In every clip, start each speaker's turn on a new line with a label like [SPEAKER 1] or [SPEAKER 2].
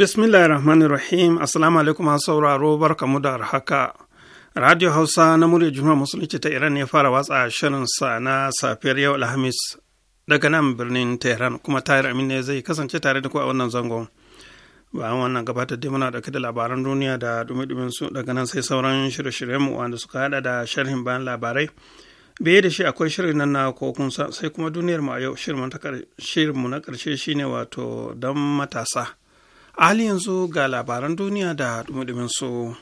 [SPEAKER 1] bismillahir rahmanir rahim assalamu alaikum an sauraro barkamu da haka radio hausa na murya jumhuriyar musulunci ta iran ya fara watsa shirin sa na safiyar yau alhamis daga nan birnin tehran kuma tahir amin ne zai kasance tare da ku a wannan zangon bayan wannan gabatar da muna dauke da labaran duniya da dumi su daga nan sai sauran shirye-shiryen mu wanda suka hada da sharhin bayan labarai biye da shi akwai shirin nan na kokunsa sai kuma duniyar mu a yau shirin mu na karshe shine wato dan matasa a hali yanzu ga labaran duniya da dumudumin su.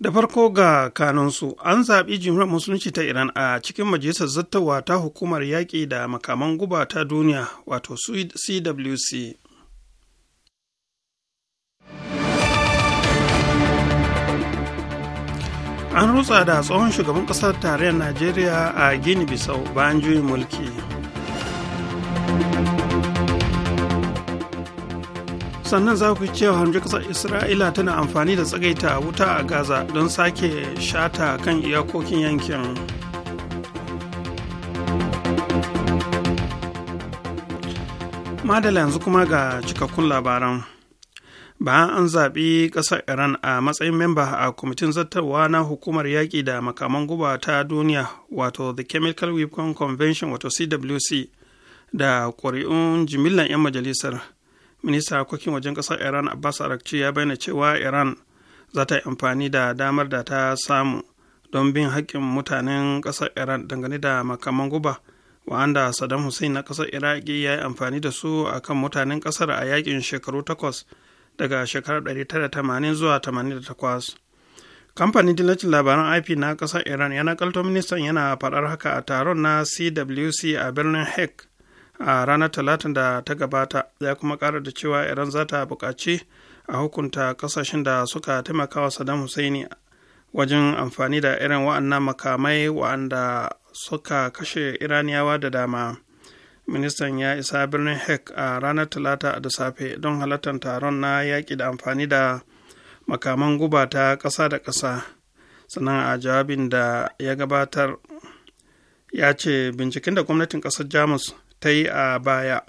[SPEAKER 1] da farko ga kanunsu an zaɓi jimhuriyar musulunci ta iran a cikin majalisar zattawa ta hukumar yaƙi da makaman guba ta duniya wato cwc an rutsa da tsohon shugaban ƙasar tarayyar najeriya a gini bisau bayan juyin mulki sannan za ku cewa hamji ƙasar isra'ila tana amfani da tsagaita wuta a gaza don sake shata kan iyakokin yankin madala yanzu kuma ga cikakkun labaran bayan an zaɓi ƙasar iran a matsayin memba a kwamitin zartarwa na hukumar yaƙi da makaman guba ta duniya wato the chemical weapon convention wato cwc da ƙuri'un jimillan 'yan majalisar minista harkokin wajen ƙasar iran abbas arakci ya bayyana cewa iran za ta yi amfani da damar da ta samu don bin haƙƙin mutanen ƙasar iran dangane da makaman guba wa'anda saddam hussein na ƙasar iraki ya yi amfani da su akan mutanen ƙasar a yaƙin shekaru takwas daga shekarar 1980 zuwa 88 kamfanin dillacin labaran ip na ƙasar iran ya kalto ministan yana faɗar haka a taron na cwc a birnin Hague a ranar talatin da ta gabata ya kuma ƙara da cewa iran za ta buƙaci a hukunta ƙasashen da suka taimaka wa saddam hussein wajen amfani da irin wa'annan makamai wa'anda suka kashe iraniyawa da dama ministan ya isa birnin hek a ranar talata da safe don halartar taron na yaƙi da amfani da makaman guba ta ƙasa da ƙasa sannan a jawabin da ya gabatar ya ce binciken da gwamnatin ƙasar jamus ta yi a baya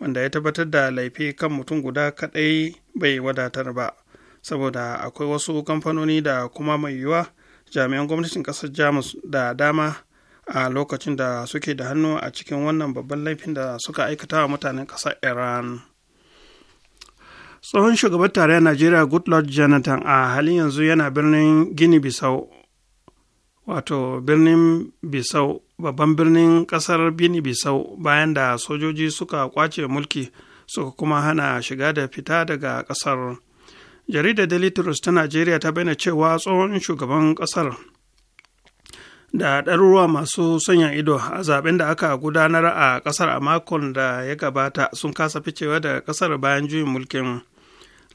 [SPEAKER 1] wanda ya tabbatar da laifi kan mutum guda kaɗai bai wadatar ba saboda akwai wasu kamfanoni da kuma mai yiwuwa jami'an gwamnatin ƙasar jamus da dama a lokacin da suke da hannu a cikin wannan babban laifin da suka aikata wa mutanen ƙasar iran tsohon shugaban tarayyar najeriya goodluck jonathan a halin yanzu yana birnin gini bisau wato birnin bisau babban birnin ƙasar bini bisau bayan da sojoji suka kwace mulki suka kuma hana shiga da fita daga ƙasar. jaridar daily trust ta najeriya ta bayyana cewa tsohon shugaban ƙasar. da ɗaruruwa masu sanya ido a zaben da aka gudanar a ƙasar a makon da ya gabata sun kasa ficewa da ƙasar bayan juyin mulkin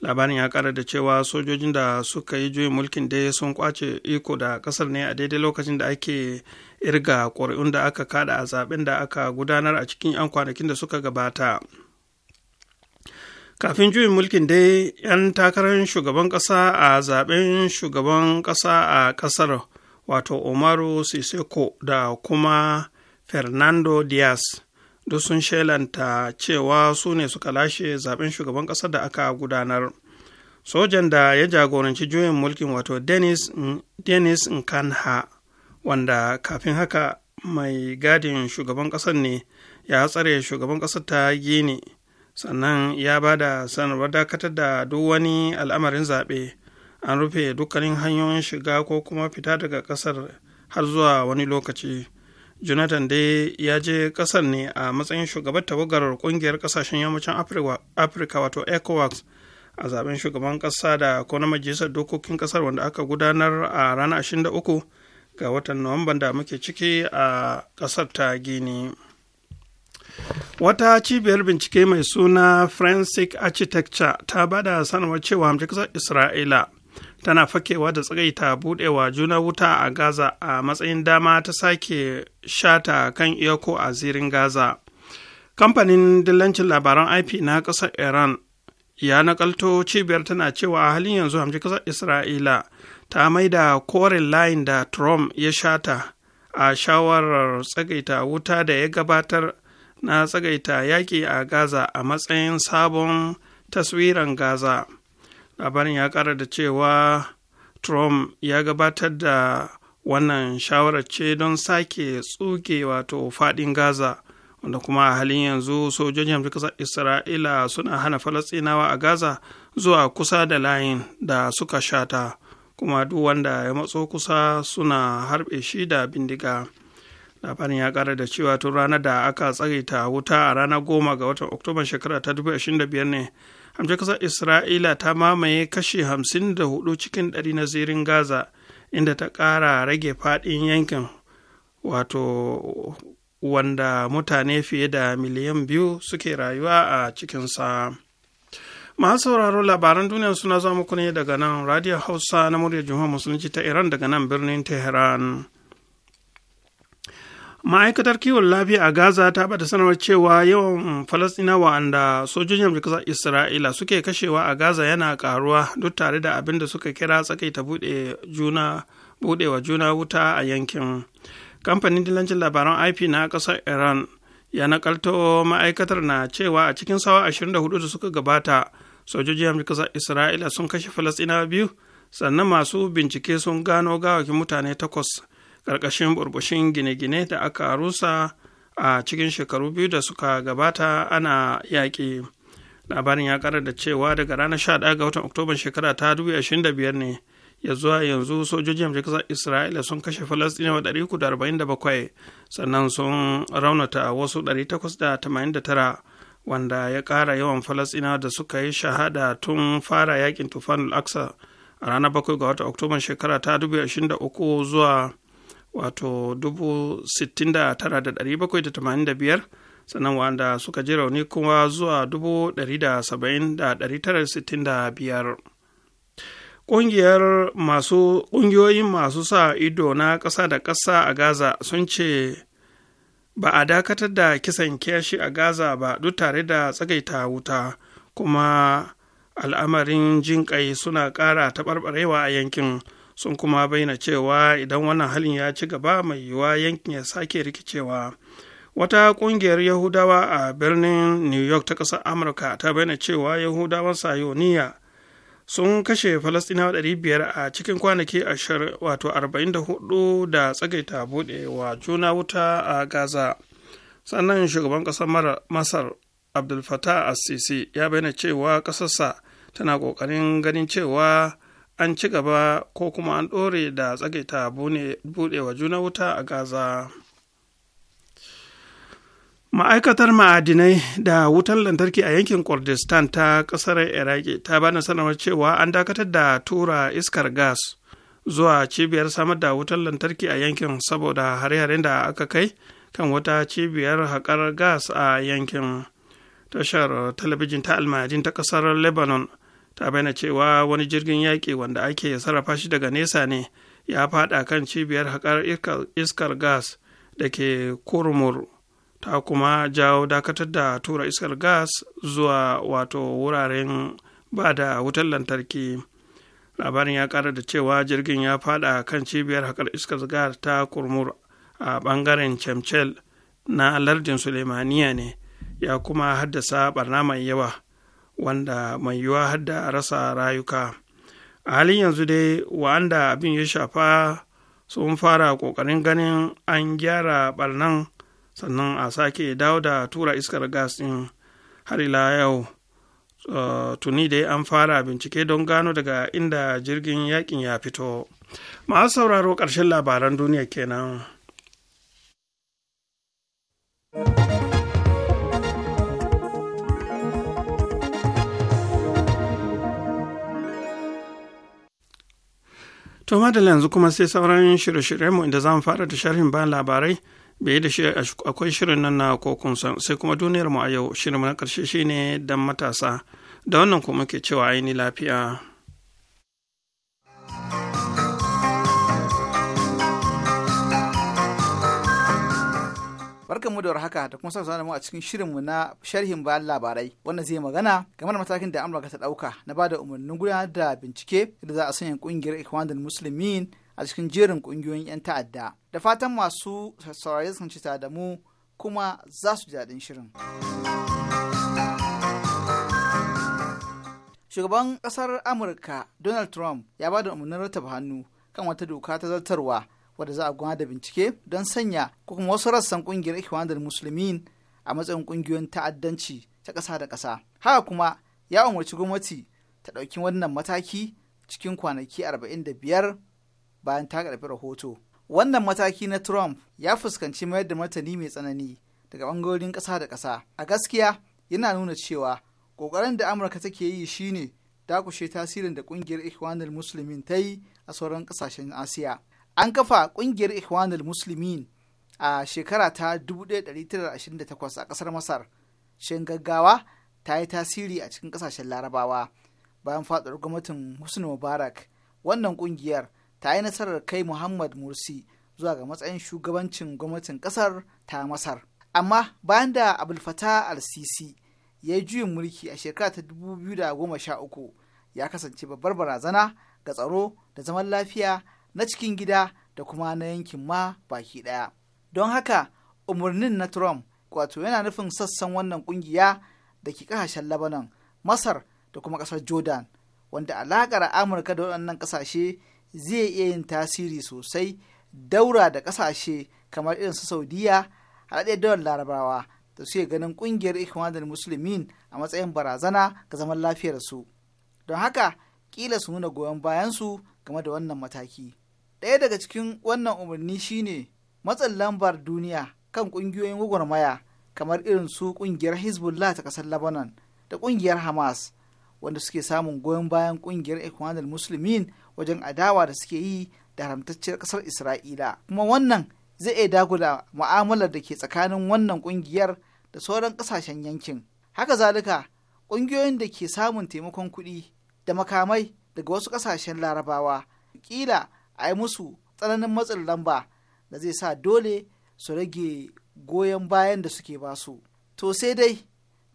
[SPEAKER 1] labarin ya ƙara da cewa sojojin da suka yi juyin mulkin dai sun kwace iko da ƙasar ne a daidai lokacin da ake irga ƙuri'un da aka kada a zaben da aka gudanar a cikin 'yan kwanakin da suka gabata kafin juyin mulkin dai 'yan takarar shugaban ƙasa a zaben shugaban ƙasa a ƙasar wato umaru siseko da kuma fernando diaz duk sun shelanta cewa su ne suka lashe zaben shugaban ƙasar da aka gudanar sojan da ya jagoranci juyin mulkin wato dennis nkanha wanda kafin haka mai gadin shugaban ƙasar ne ya tsare shugaban ƙasar ta gini sannan ya ba da sanarwar dakatar da duk wani al'amarin zaɓe an rufe dukkanin hanyoyin shiga ko kuma fita daga ƙasar har zuwa wani lokaci jonathan dai ya je ƙasar ne a matsayin shugaban tawagar ƙungiyar kasashen yammacin afirka wato ecowas a zaben shugaban ƙasa da ko na majalisar dokokin kasar wanda aka gudanar a ranar 23 ga watan nuwamban da muke ciki a ƙasar ta gini wata cibiyar bincike mai suna forensic architecture ta bada sanarwar cewa hamshe ƙasar isra'ila tana fakewa da tsagaita budewa juna wuta a gaza a matsayin dama ta sake shata kan iyako a zirin gaza kamfanin dillancin labaran ip na ƙasar iran ya nakalto cibiyar tana cewa a halin yanzu hamji ƙasar isra'ila ta da koren layin da trump ya shata a shawarar tsagaita wuta da ya gabatar na tsagaita yaƙi a gaza a matsayin sabon taswiran gaza labarin ya kara da cewa trump ya gabatar da wannan shawarar ce don sake tsuke wato fadin gaza wanda kuma a halin yanzu sojojin amurka isra'ila suna hana falastinawa a gaza zuwa kusa da layin da suka shata kuma duk wanda ya matso kusa suna harbe shi da bindiga labarin ya kara da cewa tun ranar da aka tsagaita wuta a ranar goma ga watan oktoba shekara ta 2025 ne hamshe kasar isra'ila ta mamaye kashi hamsin da hudu cikin ɗari na zirin gaza inda ta ƙara rage faɗin yankin wato wanda mutane fiye da miliyan biyu suke rayuwa a cikinsa masu sauraro labaran duniya suna zama muku ne daga nan radio hausa na murya juma'a musulunci ta iran daga nan birnin tehran ma'aikatar kiwon lafiya a gaza ta bada sanarwar cewa yawan falastinawa wanda sojojin amurka isra'ila suke kashewa a gaza yana karuwa duk tare da abin da suka kira tsakaita bude juna budewa juna wuta a yankin kamfanin dilancin labaran ip na kasar iran ya nakalto ma'aikatar na cewa a cikin sawa 24 da suka gabata sojojin amurka isra'ila sun kashe falastinawa biyu sannan masu bincike sun gano gawakin mutane takwas ƙarƙashin burbushin gine-gine da aka rusa a cikin shekaru biyu da suka gabata ana yaƙi labarin ya ƙara da cewa daga ranar 11 ga watan Oktoba shekara ta 2025 ne ya zuwa yanzu sojojin amurka kasar isra'ila sun kashe falastinawa 347 sannan sun raunata wasu 889 wanda ya ƙara yawan falastinawa da suka yi shahada tun fara yakin tufanul aksa a ranar 7 ga watan Oktoba shekara ta 2023 zuwa wato 69,785 sannan wanda suka ji rauni kuma zuwa 170,965 ƙungiyar masu ƙungiyoyin masu sa ido na ƙasa da ƙasa a gaza sun ce ba a dakatar da kisan kiyashi a gaza ba duk tare da tsagaita wuta kuma al'amarin jinƙai suna ƙara taɓarɓarewa a yankin sun kuma bayyana cewa idan wannan halin ya ci gaba mai yiwuwa yankin ya sake rikicewa wata kungiyar yahudawa a birnin new york ta ƙasar amurka ta bayyana cewa yahudawan sayoniya sun kashe falastinawa 500 a cikin kwanaki 44 da tsagaita buɗewa juna wuta a gaza sannan shugaban ƙasar masar abdul fattah assisi ya bayyana cewa ƙasarsa tana ƙoƙarin ganin cewa an ci gaba ko kuma an ɗore da tsagaita buɗewa juna wuta a gaza ma'aikatar ma'adinai da wutar lantarki a yankin kurdistan ta ƙasar iraki ta bada sanarwar cewa an dakatar da tura iskar gas zuwa cibiyar samar da wutar lantarki a yankin saboda hare-haren da aka kai kan wata cibiyar haƙar gas a yankin tashar talabijin ta almajin ta ƙasar lebanon ta bayyana cewa wani jirgin yaƙi wanda ake sarrafa shi daga nesa ne ya faɗa kan cibiyar haƙar iskar gas da ke kurmur ta kuma jawo dakatar da tura iskar gas zuwa wato wuraren ba da wutar lantarki labarin ya ƙara da cewa jirgin ya faɗa kan cibiyar haƙar iskar gas ta kurmur a ɓangaren chemchel na lardin sulemaniya ne ya kuma haddasa ɓarna mai yawa wanda mai yiwuwa har da rasa rayuka a halin yanzu dai wa'anda abin ya shafa sun fara ƙoƙarin ganin an gyara barnan sannan a sake dawo da tura iskar gas ɗin har ila yau eh, tuni dai an fara bincike don gano daga inda jirgin yakin ya fito masu sauraro ƙarshen labaran duniya kenan. To madalla yanzu kuma sai sauran shirye mu inda za mu fara da sharhin bayan labarai bai da shi akwai shirin nan na kokun sai kuma duniyar mu a yau shirin na karshe shine dan matasa da wannan kuma ke cewa aini lafiya.
[SPEAKER 2] barkan mu da warhaka da kuma sauran mu a cikin shirin mu na sharhin bayan labarai wanda zai magana game da matakin da Amurka ta dauka na bada umarnin gudanar da bincike da za a sanya kungiyar Ikhwanul Muslimin a cikin jerin kungiyoyin 'yan ta'adda. Da fatan masu saurayi sun ci da mu kuma za su ji daɗin shirin. Shugaban ƙasar Amurka Donald Trump ya ba da umarnin rattaba hannu kan wata doka ta zartarwa wadda za a gudanar da bincike don sanya ko kuma wasu rassan ƙungiyar ikhwanul muslimin a matsayin ƙungiyoyin ta'addanci ta ƙasa da ƙasa haka kuma ya umarci gwamnati ta ɗauki wannan mataki cikin kwanaki arba'in da biyar bayan ta karɓi rahoto wannan mataki na trump ya fuskanci mayar da martani mai tsanani daga ɓangarorin ƙasa da ƙasa a gaskiya yana nuna cewa ƙoƙarin da amurka take yi shine dakushe tasirin da ƙungiyar ikhwanul muslimin ta yi a sauran ƙasashen asiya an kafa ƙungiyar ikhwanul muslimin a shekara ta 1928 a ƙasar masar shin gaggawa ta yi tasiri a cikin ƙasashen larabawa bayan faɗuwar gwamnatin husni mubarak wannan ƙungiyar ta yi nasarar kai muhammad mursi zuwa ga matsayin shugabancin gwamnatin ƙasar ta masar amma bayan da abulfata al-sisi ya yi juyin mulki a shekara ta 2013 ya kasance babbar barazana ga tsaro da zaman lafiya na cikin gida da kuma na yankin ma baki ɗaya. Don haka umarnin na Trump wato yana nufin sassan wannan ƙungiya da ke ƙasashen Lebanon, Masar da kuma ƙasar Jordan, wanda alaƙar Amurka da waɗannan ƙasashe zai iya yin tasiri sosai daura da ƙasashe kamar irin su Saudiya a daɗe Larabawa da suke ganin ƙungiyar Ikhwanul Musulmin a matsayin barazana ga zaman lafiyarsu. Don haka, ƙila su nuna goyon bayansu game da wannan mataki. ɗaya daga cikin wannan umarni shine matsin lambar duniya kan ƙungiyoyin gwagwarmaya kamar irin su ƙungiyar hezbollah ta ƙasar lebanon da ƙungiyar hamas wanda suke samun goyon bayan ƙungiyar ikwanul musulmin wajen adawa da suke yi da haramtacciyar ƙasar isra'ila kuma wannan zai iya dagula mu'amalar da ke tsakanin wannan ƙungiyar da sauran ƙasashen yankin haka zalika ƙungiyoyin da ke samun taimakon kuɗi da makamai daga wasu ƙasashen larabawa kila a yi musu tsananin matsin lamba da zai sa dole su rage goyon bayan da suke ba su To sai dai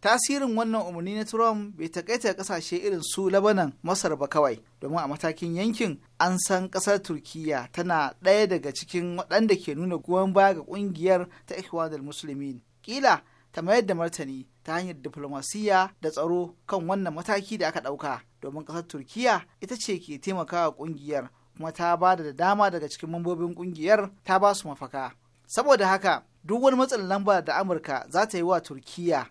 [SPEAKER 2] tasirin wannan umarni na Trump bai takaita kasashe irin su Labanan Masar ba kawai domin a matakin yankin an san kasar Turkiyya tana ɗaya daga cikin waɗanda ke nuna goyon baya ga ƙungiyar ta Ikhwanul musulmi Kila ta mayar da martani ta hanyar diflomasiyya da tsaro kan wannan mataki da aka ɗauka domin ƙasar Turkiyya ita ce ke taimakawa ƙungiyar kuma ta ba da dama daga cikin mambobin kungiyar ta ba su mafaka saboda haka duk wani matsin lamba da amurka za ta yi wa turkiya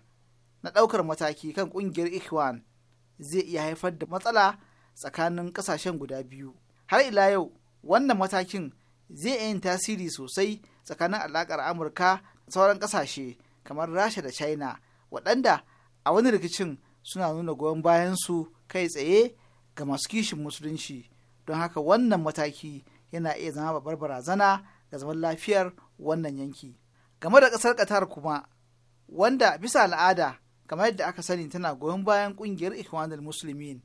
[SPEAKER 2] na ɗaukar mataki kan kungiyar ikhwan zai iya haifar da matsala tsakanin ƙasashen guda biyu har ila yau wannan matakin zai yin tasiri sosai tsakanin alaƙar amurka da sauran ƙasashe kamar rasha da china waɗanda a wani rikicin suna nuna goyon su kai tsaye ga masu kishin musulunci don haka wannan mataki yana iya zama babbar barazana ga zaman lafiyar wannan yanki game da ƙasar qatar kuma wanda bisa al'ada kamar yadda aka sani tana goyon bayan ƙungiyar ikhwanul muslimin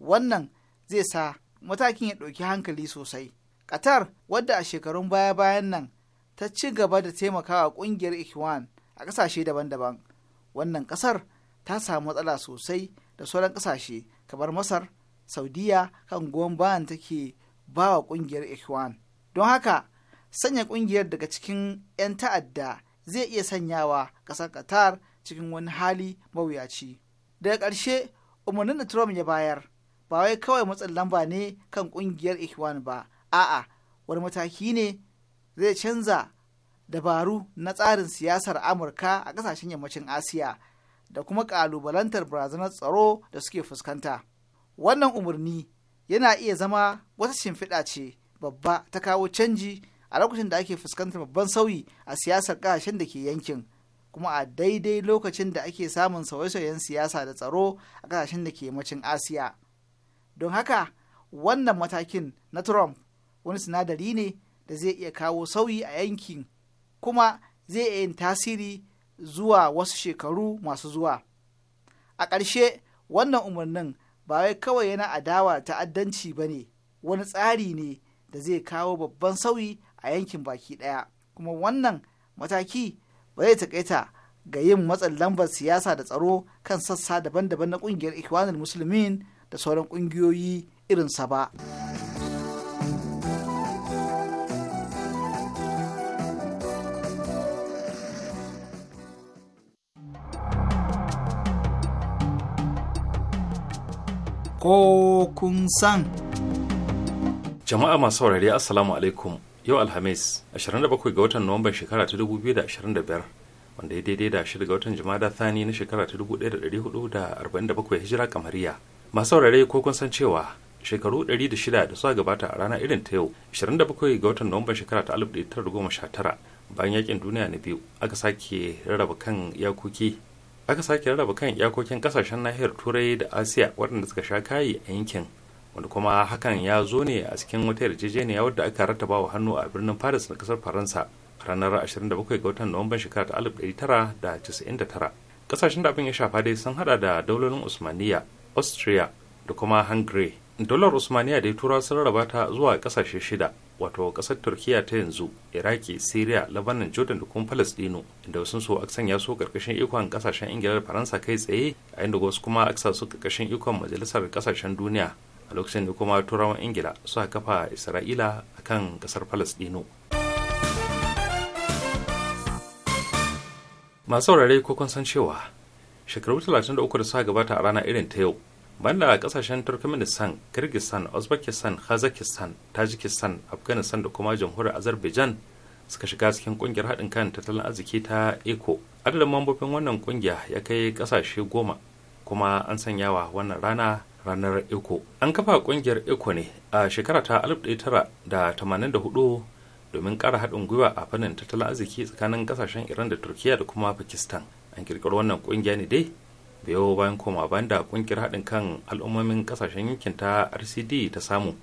[SPEAKER 2] wannan zai sa matakin ya ɗauki hankali sosai qatar wadda a shekarun baya-bayan nan ta ci gaba da taimakawa ƙungiyar ikhwan a ƙasashe daban-daban wannan ƙasar ta samu matsala sosai da sauran ƙasashe kamar masar saudiya kan goyon bayan take ba wa ƙungiyar ikhwan don haka sanya ƙungiyar daga cikin 'yan ta'adda zai iya sanyawa ƙasar qatar cikin wani hali mawuyaci daga ƙarshe umarnin da trump ya bayar ba wai kawai matsin lamba ne kan ƙungiyar ikhwan ba a'a wani mataki ne zai canza dabaru na tsarin siyasar amurka a ƙasashen yammacin asiya da kuma ƙalubalantar barazanar tsaro da suke fuskanta. wannan umarni yana iya zama wata shimfiɗa ce babba ta kawo canji a lokacin da ake fuskantar babban sauyi a siyasar ƙasashen da ke yankin kuma a daidai lokacin da ake samun sauye-sauyen siyasa da tsaro a ƙasashen da ke yammacin asiya don haka wannan matakin na trump wani sinadari ne da zai iya kawo sauyi a yankin kuma zai iya yin tasiri zuwa wasu shekaru masu zuwa a ƙarshe wannan umarnin ba wai kawai yana adawa ta'addanci ba ne wani tsari ne da zai kawo babban sauyi a yankin baki ɗaya kuma wannan mataki ba zai taƙaita ga yin matsin lambar siyasa da tsaro kan sassa daban-daban na ƙungiyar ikwanul musulmin da sauran ƙungiyoyi irinsa ba. ko kun san.
[SPEAKER 3] Jama'a masu saurari Assalamu alaikum yau Alhamis 27 ga watan Nuwamban shekara ta 2025 wanda ya daidai da shida ga watan Jumada Thani na shekara ta 1447 hijira kamariya. Masu saurari ko kun san cewa shekaru 106 da suka gabata a rana irin ta yau 27 ga watan Nuwamban shekara ta 1919 bayan yakin duniya na biyu aka sake rarraba kan iyakoki aka sake rarraba kan iyakokin kasashen nahiyar turai da asiya waɗanda suka sha kayi a yankin wanda kuma hakan ya zo ne a cikin wata yarjejeniya wadda aka rattaba wa hannu a birnin paris na kasar faransa ranar 27 ga watan nuwamban shekara ta 1999 kasashen da abin ya shafa dai sun hada da daularin usmaniya austria da kuma hungary dolar usmaniya da ya tura sun rarraba ta zuwa kasashe shida wato kasar turkiya ta yanzu iraki syria labanan jordan da kuma palestino inda wasu so aka sanya su karkashin ikon kasashen ingila da faransa kai tsaye a inda wasu kuma aka sa su karkashin ikon majalisar kasashen duniya a lokacin da kuma turawan ingila suka kafa isra'ila a kan kasar palestino masu saurare ko kun san cewa shekaru 33 da suka gabata a rana irin ta yau banda kasashen turkmenistan kyrgyzstan uzbekistan kazakistan tajikistan afghanistan da kuma jamhuriyar azerbaijan suka shiga cikin kungiyar haɗin kan tattalin arziki ta eco adadin mambobin wannan kungiya ya kai kasashe goma kuma an sanya wa wannan rana ranar eco an kafa kungiyar eco ne a shekara ta hudu domin ƙara haɗin gwiwa a fannin tattalin arziki tsakanin kasashen iran da turkiya da kuma pakistan an kirkiri wannan kungiya ne dai biyo bayan koma bayan da kungiyar haɗin kan al'ummomin kasashen yankin ta rcd ta samu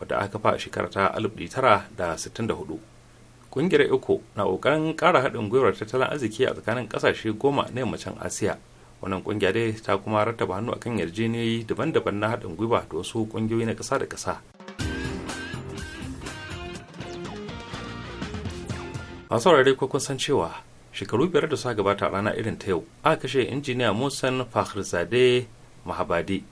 [SPEAKER 3] wadda aka fa a shekara ta 1964 kungiyar eco na ƙoƙarin ƙara haɗin gwiwar tattalin arziki a tsakanin ƙasashe goma na yammacin asiya wannan kungiya dai ta kuma rattaba hannu akan yarjejeniyoyi daban-daban na haɗin gwiwa da wasu kungiyoyi na ƙasa da ƙasa masu saurari ko kun san cewa shekaru biyar da suka gabata rana irin ta yau a kashe injiniya musan fakhrizade mahabadi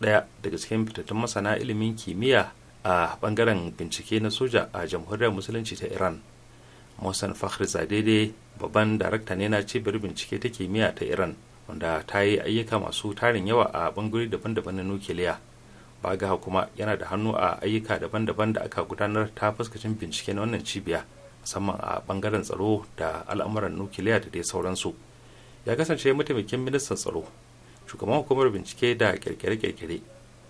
[SPEAKER 3] ɗaya daga cikin fitattun masana ilimin kimiyya a bangaren bincike na soja a jamhuriyar musulunci ta iran musan fakhrizade dai babban darakta ne na cibiyar bincike ta kimiyya ta iran wanda ta yi ayyuka masu tarin yawa a bangarori daban-daban na nukiliya baga kuma yana da hannu a ayyuka daban-daban da aka gudanar ta fuskacin bincike na wannan cibiya musamman a bangaren tsaro da al'amuran nukiliya da dai sauransu ya kasance mataimakin ministan tsaro shugaban hukumar bincike da kirkire-kirkire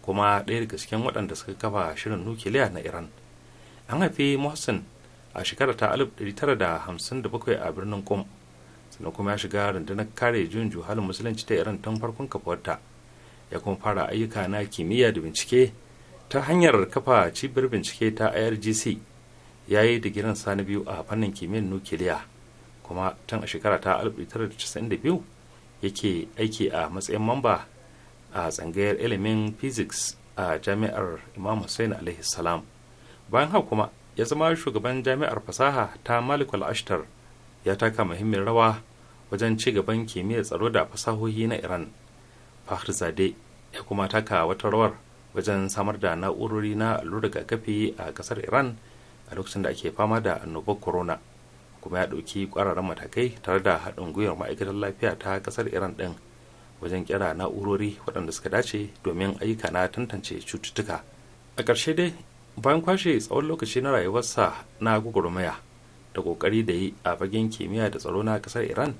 [SPEAKER 3] kuma ɗaya daga cikin waɗanda suka kafa shirin nukiliya na iran an haifi mohsen a shekara ta 1957 a birnin kum sannan kuma ya shiga rundunar kare juyin juhalin musulunci ta iran tun farkon kafuwarta ya kuma fara ayyuka na kimiyya da bincike ta hanyar kafa cibiyar bincike ta irgc ya yi digirin sani biyu a fannin kimiyyar nukiliya kuma tun a shekara ta 1992 yake aiki a matsayin mamba a tsangayar ilimin physics a jami'ar imam hussein alaihi salam bayan haka kuma ya zama shugaban jami'ar fasaha ta malikul ashtar ya taka muhimmin rawa wajen ci gaban kimiyyar tsaro da fasahohi na iran fahrzade ya kuma taka wata rawar wajen samar da na'urori na ga kafi a kasar iran a lokacin da ake fama da annobar corona kuma ya ɗauki ƙwararren matakai tare da haɗin gwiwar ma'aikatar lafiya ta ƙasar iran ɗin wajen kira na'urori waɗanda suka dace domin ayyuka na tantance cututtuka a ƙarshe dai bayan kwashe tsawon lokaci na rayuwarsa na gwagwarmaya da ƙoƙari da yi a fagen kimiyya da tsaro na ƙasar iran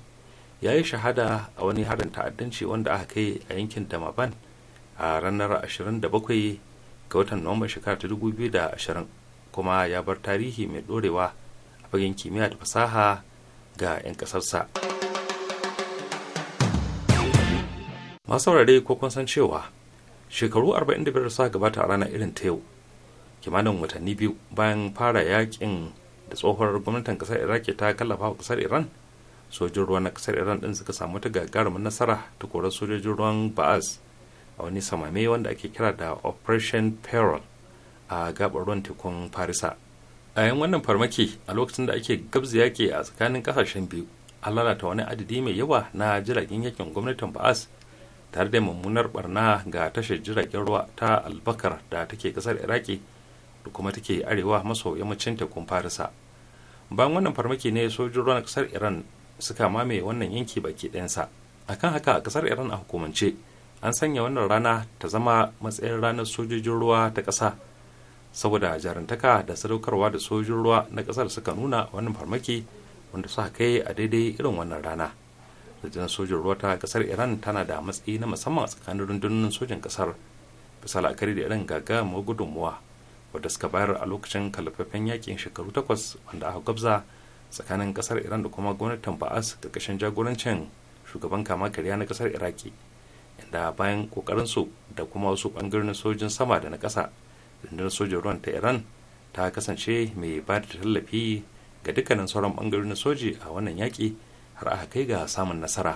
[SPEAKER 3] ya yi shahada a wani harin ta'addanci wanda aka kai a yankin damaban a ranar 27 ga watan nuwamban shekara ta 2020 kuma ya bar tarihi mai ɗorewa a fagen kimiyya da fasaha ga 'yan ƙasarsa. masu saurare ko kun san cewa shekaru 45 sa gabata a ranar irin ta yau kimanin watanni biyu bayan fara yakin da tsohuwar gwamnatin kasar ke ta kallafa wa kasar iran sojin ruwa na kasar iran din suka samu ta gagarumin nasara ta korar sojojin ruwan ba'az a wani samame wanda ake kira da operation peril a gabar ruwan tekun farisa a yan wannan farmaki a lokacin da ake gabza yake a tsakanin ƙasashen biyu an lalata wani adadi mai yawa na jiragen yakin gwamnatin ba'as tare da mummunar barna ga tashar jiragen ruwa ta albakar da take ƙasar iraki da kuma take arewa maso yammacin tekun farisa bayan wannan farmaki ne sojin ruwan ƙasar iran suka mamaye wannan yanki baki ɗayansa akan haka a ƙasar iran a hukumance an sanya wannan rana ta zama matsayin ranar sojojin ruwa ta ƙasa saboda jarantaka da sadaukarwa da sojin ruwa na kasar suka nuna wannan farmaki wanda suka kai a daidai irin wannan rana rundunar sojin ruwa ta kasar iran tana da matsayi na musamman a tsakanin rundunonin sojin kasar bisa la'akari da irin gaga ma gudunmuwa wadda suka bayar a lokacin kalafafen yakin shekaru takwas wanda aka gwabza tsakanin kasar iran da kuma gwamnatin ba'as karkashin jagorancin shugaban kama karya na kasar iraki inda bayan kokarinsu da kuma wasu bangarorin sojin sama da na kasa rundunar sojin ruwan ta iran ta kasance mai ba da tallafi ga dukkanin sauran bangarorin soji a wannan yaƙi har aka kai ga samun nasara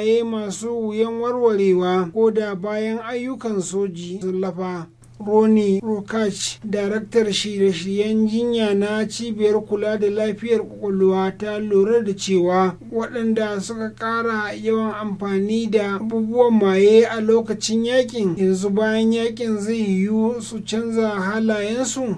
[SPEAKER 4] halaye masu wuyan warwarewa ko da bayan ayyukan soji sun lafa Roni Rokach, daraktar shirye-shiryen jinya na cibiyar kula da lafiyar kwakwalwa ta lura da cewa waɗanda suka ƙara yawan amfani da abubuwan maye a lokacin yakin yanzu bayan yakin zai yiwu su canza halayensu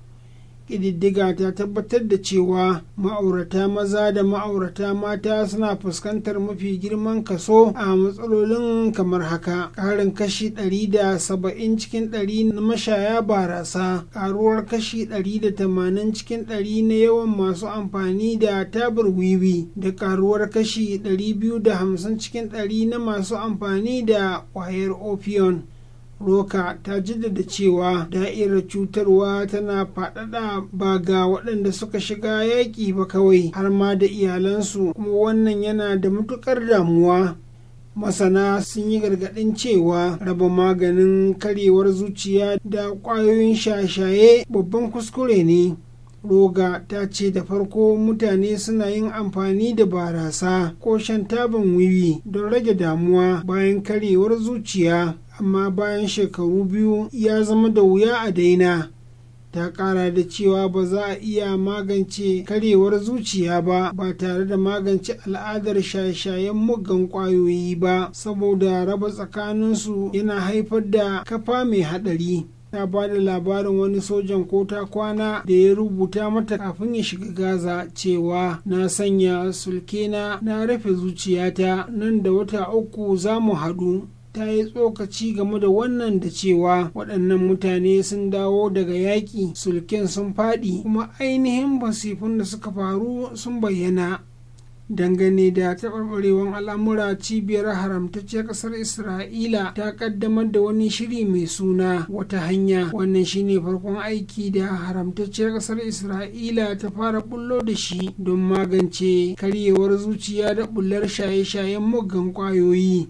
[SPEAKER 4] ƙididdiga ta tabbatar da cewa ma'aurata maza da ma'aurata mata suna fuskantar mafi girman kaso a matsalolin kamar haka ƙarin kashi 170 cikin 100 na mashaya barasa ƙaruwar kashi 180 cikin 100 na yawan masu amfani da tabar wiwi da ƙaruwar kashi 250 cikin 100 na masu amfani da ƙwayar opion roka ta jaddada cewa da'irar cutarwa tana faɗaɗa ba ga waɗanda suka shiga yaƙi ba kawai har ma da iyalansu kuma wannan yana da matuƙar damuwa masana sun yi gargaɗin cewa raba maganin karyewar zuciya da ƙwayoyin shaye-shaye babban kuskure ne roga ta ce da farko mutane suna yin amfani da barasa ko shan tabin wiwi don rage damuwa bayan karyewar zuciya amma bayan shekaru biyu ya zama da wuya a daina ta kara da cewa ba za a iya magance karewar zuciya ba ba tare da magance al'adar shaye-shayen muggan kwayoyi ba saboda raba tsakaninsu yana haifar da kafa mai haɗari ta ba da labarin wani sojan ko ta kwana da ya rubuta mata kafin ya shiga gaza cewa na sanya sulkena na rufe zuciyata nan da wata uku za mu haɗu ta yi tsokaci game da wannan da cewa waɗannan mutane sun dawo daga yaƙi sulken sun faɗi kuma ainihin basifun da suka faru sun bayyana dangane da taɓarɓarewar al'amura cibiyar haramtacciyar ƙasar isra'ila ta ƙaddamar da wani shiri mai suna wata hanya wannan shine farkon aiki da haramtacciyar ƙasar isra'ila ta fara bullo da shi don magance karyewar zuciya da bullar shaye-shayen muggan ƙwayoyi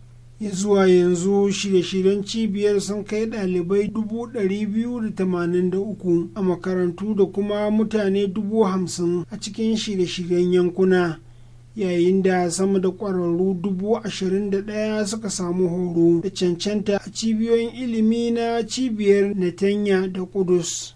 [SPEAKER 4] zuwa yanzu shirye-shiryen cibiyar sun kai ɗalibai 283 a makarantu da kuma mutane 50,000 a cikin shirye-shiryen yankuna yayin da sama da ƙwararru 21,000 suka samu horo da cancanta a cibiyoyin ilimi na cibiyar netanya da kudus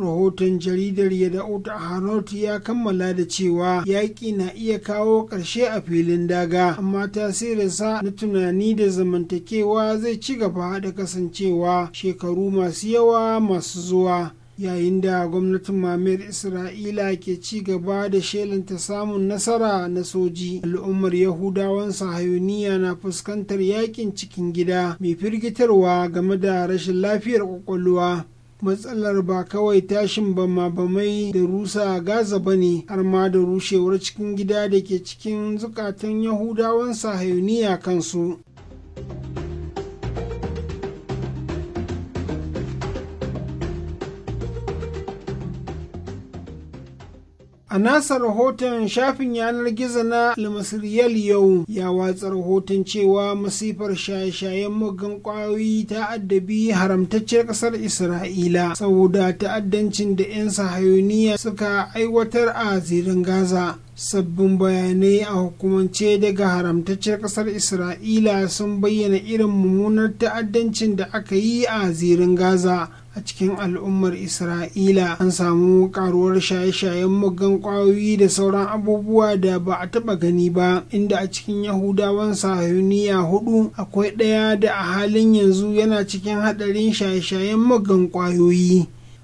[SPEAKER 4] rahoton jaridar yadda hanot ya kammala da cewa yaƙi na iya kawo ƙarshe a filin daga amma tasirinsa na tunani da zamantakewa zai ci gaba da kasancewa shekaru masu yawa masu zuwa yayin da gwamnatin mamir isra'ila ke ci gaba da shelanta samun nasara na soji al'ummar yahudawan sahayuniya na fuskantar yakin cikin gida mai firgitarwa game da rashin lafiyar ƙwaƙwalwa. matsalar ba kawai tashin bama-bamai da rusa a gaza ba ne har ma da rushewar cikin gida da ke cikin zukatan yahudawan sahayuniya kansu. A nasa rahoton shafin yanar gizo na Almasiriyal yau ya watsa rahoton cewa masifar shaye-shayen muggan kwayoyi ta addabi haramtacciyar ƙasar Isra'ila saboda ta'addancin da 'yan sahayoniya suka aiwatar a zirin Gaza. sabbin bayanai a hukumance daga haramtacciyar ƙasar isra'ila sun bayyana irin mummunar ta'addancin da aka yi a zirin gaza a cikin al'ummar isra'ila an samu karuwar shaye-shayen muggan kwayoyi da sauran abubuwa da ba a taba gani ba inda a cikin yahudawan sahuniya hudu akwai ɗaya da a halin yanzu yana cikin haɗarin shaye-shayen muggan kwayoyi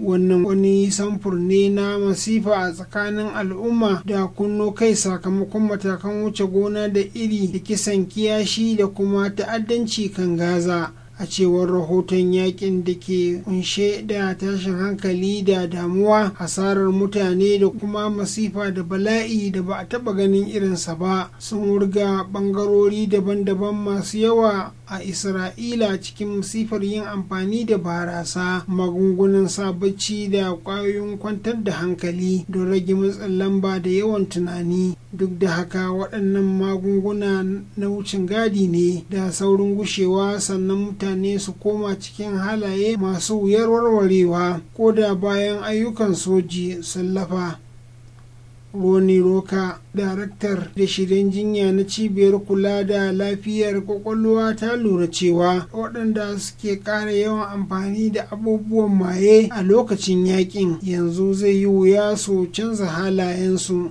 [SPEAKER 4] wannan wani samfur ne na masifa a tsakanin al'umma da kunno kai sakamakon matakan wuce gona da iri da kisan kiyashi da kuma ta'addanci kan gaza a cewar rahoton yakin da ke kunshe da tashin hankali da damuwa hasarar mutane da kuma masifa da bala'i da ba a taba ganin irinsa ba sun wurga bangarori daban-daban masu yawa a isra'ila cikin masifar yin amfani da barasa magungunan sabacci da kwayoyin kwantar da hankali don rage matsin lamba da yawan tunani duk da haka waɗannan magunguna na wucin gadi ne da saurin gushewa sannan mutane mutane su koma cikin halaye masu wuyar warwarewa ko da bayan ayyukan soji sallafa roni roka daraktar da shirin jinya na cibiyar kula da lafiyar kwakwalwa ta lura cewa waɗanda suke ƙara yawan amfani da abubuwan maye a lokacin yakin yanzu zai yi wuya su canza halayensu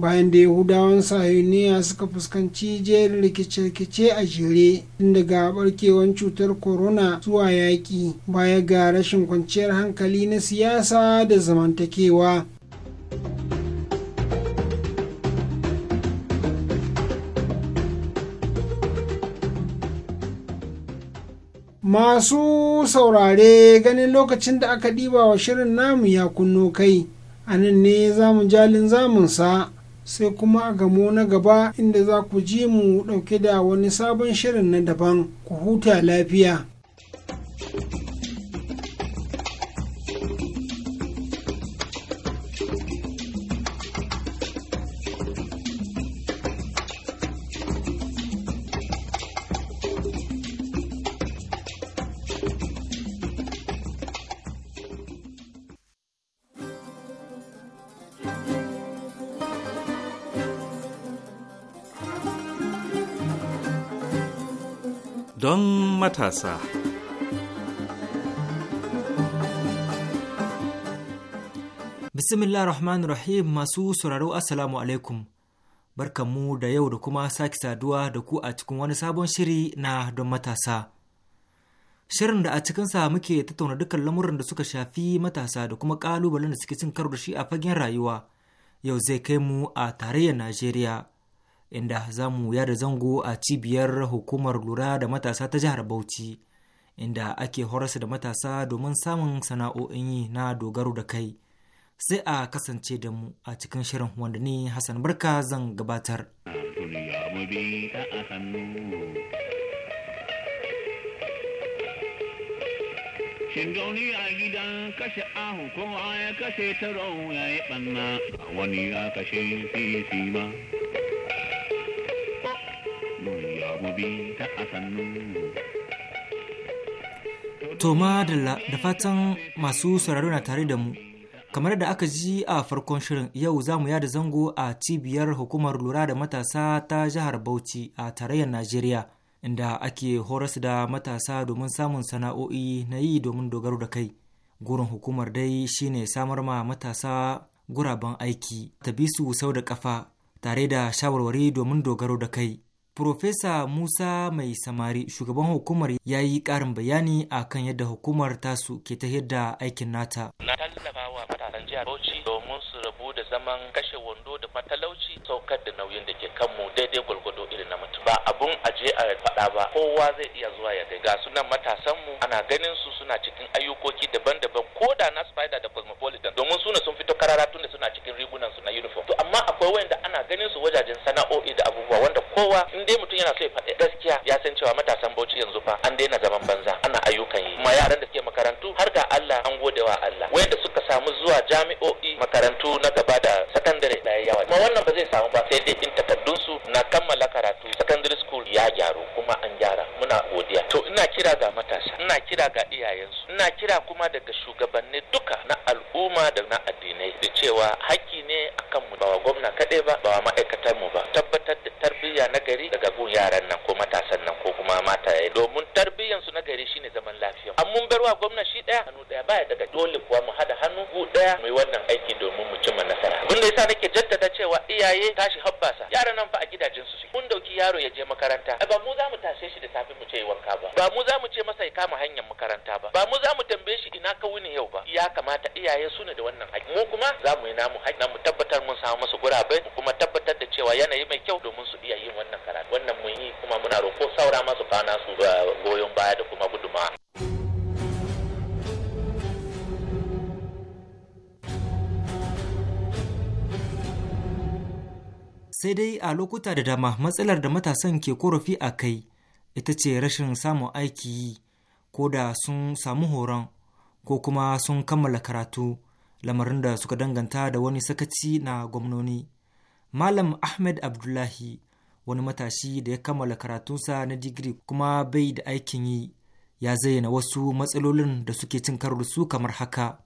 [SPEAKER 4] bayan da yahudawan sahiyoniya suka fuskanci jerin rikice-rikice a jere tun daga barkewan cutar corona zuwa yaƙi baya ga rashin kwanciyar hankali na siyasa da zamantakewa masu saurare ganin lokacin da aka ɗiba wa shirin namu ya kunno kai anan ne zamu jalin zamunsa sai kuma a gamo na gaba inda za ku ji mu ɗauke da wani sabon shirin na daban ku huta lafiya
[SPEAKER 3] matasa.
[SPEAKER 5] Bismillah Rahman Rahim masu sauraro Assalamu alaikum. Barkanmu da yau da kuma sake saduwa da ku a cikin wani sabon shiri na don matasa. Shirin da a cikinsa muke tattauna dukkan lamurran da suka shafi matasa da kuma ƙalubalen da suke cin karo da shi a fagen rayuwa. Yau zai kai mu a tarayyar Najeriya. inda za mu yada zango a cibiyar hukumar lura da matasa ta jihar Bauchi inda ake horasa da matasa domin samun sana'o'in yi na dogaro da kai sai a kasance da mu a cikin shirin wanda ni Hassan Barka zan gabatar.
[SPEAKER 6] Shin gauni a gidan kashe ahu kowa ya kashe taron ya yi ɓanna,
[SPEAKER 7] wani ya kashe fi ma.
[SPEAKER 5] Toma a sannu. da fatan masu sauraro na tare da mu. Kamar da aka ji a farkon shirin yau za mu yada zango a cibiyar hukumar lura da matasa ta jihar Bauchi a tarayyar Najeriya inda ake horas da matasa domin samun sana'o'i na yi domin dogaro da kai. Gurin hukumar dai shine samar ma matasa guraben aiki ta bi su sau da kafa tare da shawarwari domin dogaro da kai. Profesa Musa Mai Samari shugaban hukumar ya yi ƙarin bayani a kan yadda hukumar tasu ke ta yadda aikin nata.
[SPEAKER 8] Na tallafa wa matasan jihar Bauchi domin su rabu da zaman kashe wando da matalauci saukar da nauyin da ke kanmu daidai gwargwado irin na mutum. Ba abun aje a faɗa ba kowa zai iya zuwa ya ga sunan matasanmu ana ganin su suna cikin ayyukoki daban-daban ko da na spider da cosmopolitan domin suna sun fito karara tun da suna cikin rigunan su na uniform. To amma akwai wanda ana ganin su wajajen sana'o'i da abubuwa wanda kowa in dai mutum yana so ya faɗi gaskiya ya san cewa matasan bauchi yanzu fa an daina zaman banza ana ayyukan yi kuma yaran da suke makarantu har ga Allah an gode wa Allah wanda suka samu zuwa jami'o'i makarantu na gaba da sakandare da yawa kuma wannan ba zai samu ba sai dai in takaddun su na kammala karatu sakandare school ya gyaru kuma an gyara godiya to ina kira ga matasa ina kira ga iyayensu ina kira kuma daga shugabanni duka na al'umma da na addinai da cewa haƙƙi ne akan mu ba gwamna kaɗai ba ba a ma'aikatar mu ba tabbatar da tarbiyya na gari daga gun yaran nan ko matasan nan ko kuma mataye domin tarbiyyan su na gari shine zaman lafiya an mun bar wa gwamna shi ɗaya hannu ɗaya baya daga dole kuwa mu hada hannu gu ɗaya mu yi wannan aiki domin mu cimma nasara bunda da yasa nake jaddada cewa iyaye tashi habbasa yaran nan fa a gidaje yaro ya je makaranta ba mu za mu tashe shi da safe mu ce yi wanka ba ba mu za mu ce masa ya kama hanyar makaranta ba ba mu za mu tambaye shi ina ka wuni yau ba ya kamata iyaye su ne da
[SPEAKER 5] lokuta da dama matsalar da matasan ke korafi a kai ita ce rashin samun aiki yi ko da sun samu horon ko kuma sun kammala karatu lamarin da suka danganta da wani sakaci na gwamnoni malam ahmed abdullahi wani matashi da ya kammala karatunsa na digiri kuma bai da aikin yi ya zayyana wasu matsalolin da suke cin karo su kamar haka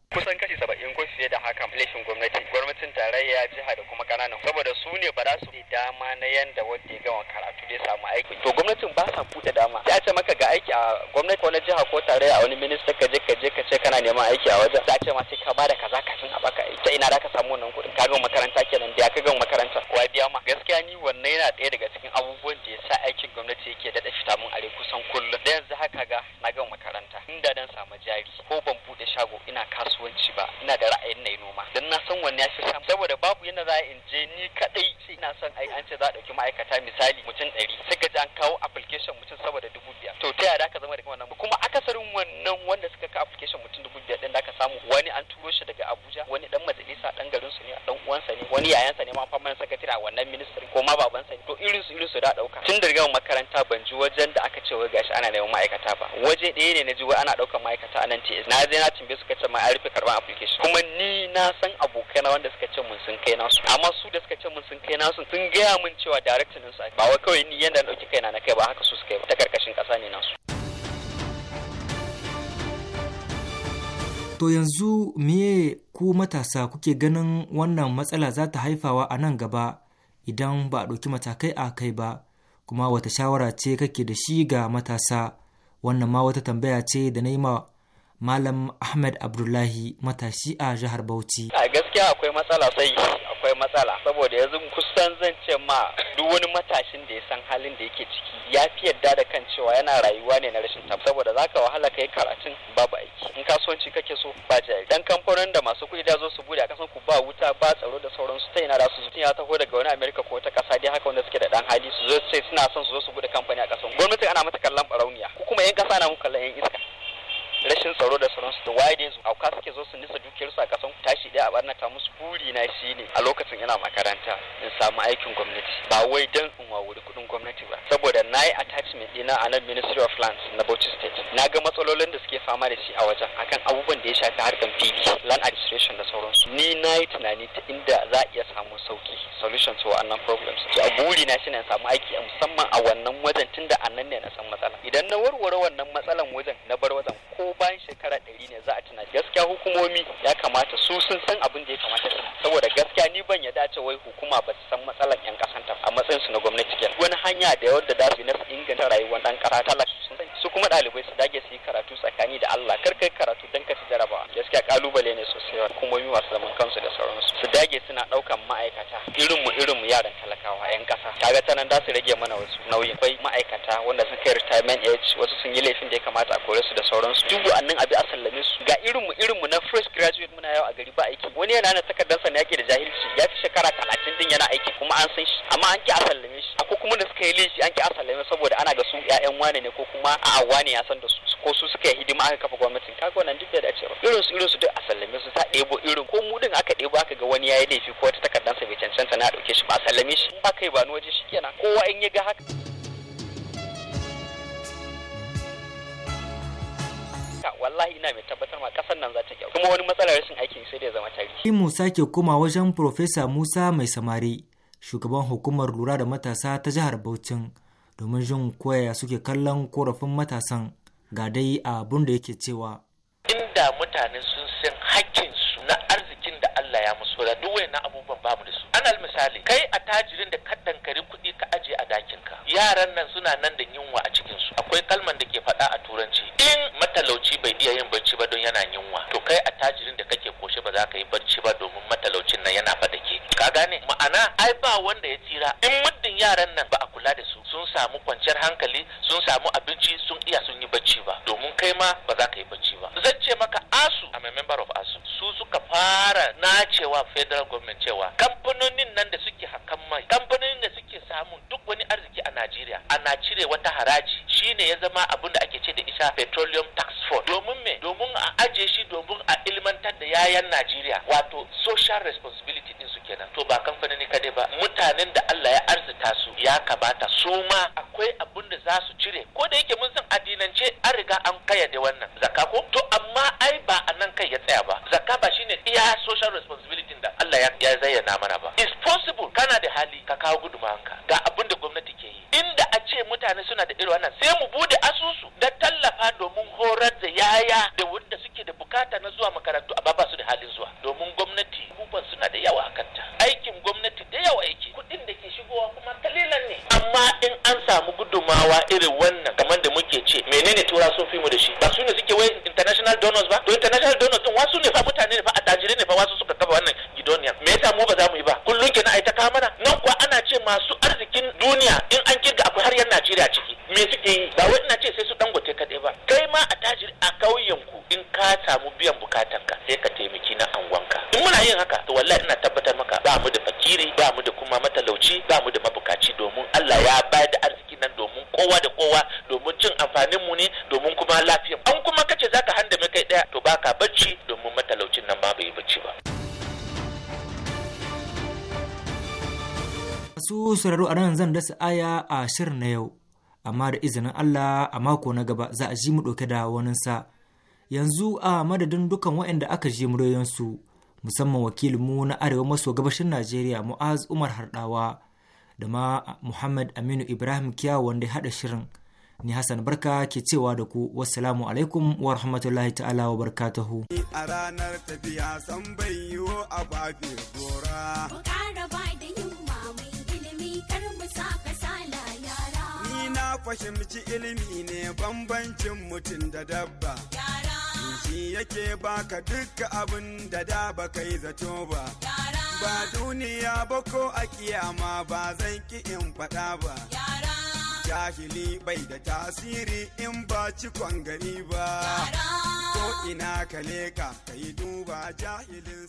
[SPEAKER 7] tarayya jiha da kuma kananan saboda su ne ba za su yi dama na yanda wanda ya gama karatu zai samu aiki to gwamnatin ba sa buɗe dama ya ce maka ga aiki a gwamnati ko na jiha ko tarayya a wani minista ka je ka je ka ce kana neman aiki a wajen a ce ma sai ka bada kaza kafin a baka aiki ta ina za ka samu wannan kuɗin ka gama makaranta kenan da ka gama makaranta wa biya ma gaskiya ni wannan yana ɗaya daga cikin abubuwan da ya sa aikin gwamnati yake daɗa fita mun are kusan kullum da yanzu haka ga na gama makaranta da dan samu jari ko ban buɗe shago ina kasuwanci ba ina da ra'ayin na yi noma dan na san wanne ya fi samu da babu yadda za in je ni kadai sai ina son ai an ce za a dauki ma'aikata misali mutum ɗari sai ka an kawo application mutum saboda dubu biyar to ta yaya ka zama daga wannan kuma akasarin wannan wanda suka ka application mutum dubu biyar din da ka samu wani an turo shi daga Abuja wani dan majalisa dan garin su ne dan uwansa ne wani yayansa ne ma permanent sakatare a wannan ministry ko ma babansa ne to irin su irin su da dauka tun da gama makaranta ban ji wajen da aka ce wai gashi ana neman ma'aikata ba waje ɗaya ne na ji wai ana daukan ma'aikata a nan TS na je na cimbe suka ce ma a rufe karban application kuma ni na san abokai na wanda suka ce mun sun kai nasu amma su da suka ce mun sun kai nasu sun gaya mun cewa direct din su ba wai kawai ni yanda na dauki kaina na kai ba haka su suka yi ta karkashin kasa ne nasu
[SPEAKER 5] To yanzu miye ku matasa kuke ganin wannan matsala za ta haifawa a nan gaba idan ba a ɗauki matakai a kai ba, kuma wata shawara ce kake da shi ga matasa, wannan ma wata tambaya ce da na yi ma Malam Ahmed Abdullahi matashi a jihar Bauchi. A
[SPEAKER 7] gaskiya akwai matsala sai akwai matsala saboda yanzu kusan zan ce ma duk wani matashin da ya san halin da yake ciki ya fi yadda da kan cewa yana rayuwa ne na rashin tab saboda zaka wahala kai karatun babu aiki in kasuwanci kake so ba jari dan kamfanin da masu kuɗi da zo su bude a kasan ku ba wuta ba tsaro da sauran su ta ina da su su ya taho daga wani America ko ta kasa dai haka wanda suke da dan hali su zo su ce suna son su zo su bude kamfani a kasan gwamnati ana mata kallon barauniya ku kuma yan kasa na mu kallon yan iska rashin tsaro da sauransu da waye zuwa auka suke zo su nisa dukiyarsu a kasan tashi ɗaya a barnata musu buri na shi ne a lokacin ina makaranta in samu aikin gwamnati ba wai dan in wawuri kuɗin gwamnati ba saboda na yi attachment ɗina a nan ministry of lands na bauchi state na ga matsalolin da suke fama da shi a wajen akan abubuwan da ya shafi harkar fili land administration da sauransu ni na yi tunani ta inda za a iya samu sauki solution to wannan problems a buri na shi ne samu aiki musamman a wannan wajen tunda a nan ne na san matsala idan na warware wannan matsalan wajen na bar wajen ko bayan shekara ɗari ne za a tuna gaskiya hukumomi ya kamata su sun san abin da ya kamata su saboda gaskiya ni ban yadda ce wai hukuma ba su san matsalar yan ƙasan ta a matsayin su na gwamnati kenan wani hanya da wadda da su na inganta rayuwar ɗan ƙasa talaka sun su kuma ɗalibai su dage su yi karatu tsakani da Allah kar kai karatu dan ka ci jarabawa gaskiya kalubale ne sosai wa hukumomi masu zaman kansu da sauransu su dage suna ɗaukan ma'aikata Irin mu, irin mu, yaran talakawa yan ƙasa kaga ta nan za su rage mana wasu nauyin akwai ma'aikata wanda sun kai retirement age wasu sun yi laifin da ya kamata a kore su da sauransu duk musu a abi a sallame su ga irinmu irinmu na fresh graduate muna yawa a gari ba aiki wani yana na takardarsa ne yake da jahilci ya fi shekara talatin din yana aiki kuma an san shi amma an ki a sallame shi akwai kuma da suka yi lishi an ki a sallame saboda ana ga su ƴaƴan wane ne ko kuma a'a wane ya san da su ko su suka yi hidima aka kafa gwamnatin kaga wannan duk da dace ba irin su irin su duk a sallame su ta ɗebo irin ko mu din aka ɗebo aka ga wani yayi laifi ko wata takardarsa bai cancanta na ɗauke shi ba a sallame shi in ba kai ba ni waje shi kenan kowa in ya ga haka haka wallahi ina mai tabbatar ma kasar nan za ta kyau kuma wani matsalar rashin aikin sai da ya zama tarihi
[SPEAKER 5] mu sake koma wajen profesa Musa Mai Samari shugaban hukumar lura da matasa ta jihar Bauchin domin jin koya suke kallon korafin matasan ga dai abun da yake cewa
[SPEAKER 8] inda mutane sun san hakkin su na arzikin da Allah ya musu da duk wayannan abubuwan babu da su anal misali kai a tajirin da ka dankari kuɗi ka aje a dakin ka yaran nan suna nan da yunwa a cikin su akwai kalman da ke faɗa a turanci in matalauci bai iya yin barci ba don yana yunwa to kai a tajirin da kake koshe ba za ka yi barci ba domin matalaucin nan yana fadake ka gane ma'ana ai ba wanda ya tsira in in yaran nan ba a kula da su sun samu kwanciyar hankali sun samu abinci sun iya sun yi bacci ba domin kai ma ba za ka yi bacci ba zan ce maka asu a member of asu su suka fara na cewa federal government cewa kamfanonin nan da suke hakan mai kamfanonin da suke samun duk wani arziki a Najeriya ana cire wata haraji shine ya zama abin da ake ce da isa petroleum tax fund domin me domin a ajiye shi domin a ilmantar da yayan Najeriya wato social responsibility din su kenan to ba kamfanin kadai ba mutanen da Allah ya arzita su ya kamata su ma akwai abin da za su cire ko da yake mun san addinance an riga an da wannan zaka ko to amma ai ba a nan kai ya tsaya ba zaka ba shine iya social responsibility da Allah ya zayyana mana ba
[SPEAKER 5] sauraro a nan zan dasa aya a shirin na yau, amma da izinin Allah a mako na gaba za a ji mu ɗauke da waninsa. Yanzu a madadin dukan waɗanda aka ji muryoyinsu, musamman wakilinmu na Arewa maso gabashin Najeriya Mu'az Umar Harɗawa da ma Muhammad Aminu Ibrahim Kiya wanda ya haɗa shirin. ni Hassan Barka ke cewa da ku wassalamu alaikum wa rahmatullahi ta'ala wa barakatuhu. A ranar tafiya san
[SPEAKER 9] bai a gora.
[SPEAKER 10] da ba da Ni
[SPEAKER 9] na fahimci ilimi ne bambancin mutum da dabba. Shi yake baka dukka abin da da baka yi zato ba. Ba duniya ba ko a kiyama ba zan ki in faɗa ba. Jahili bai da tasiri in ba ci gani ba. Ko ina ka leka ka yi duba jahilin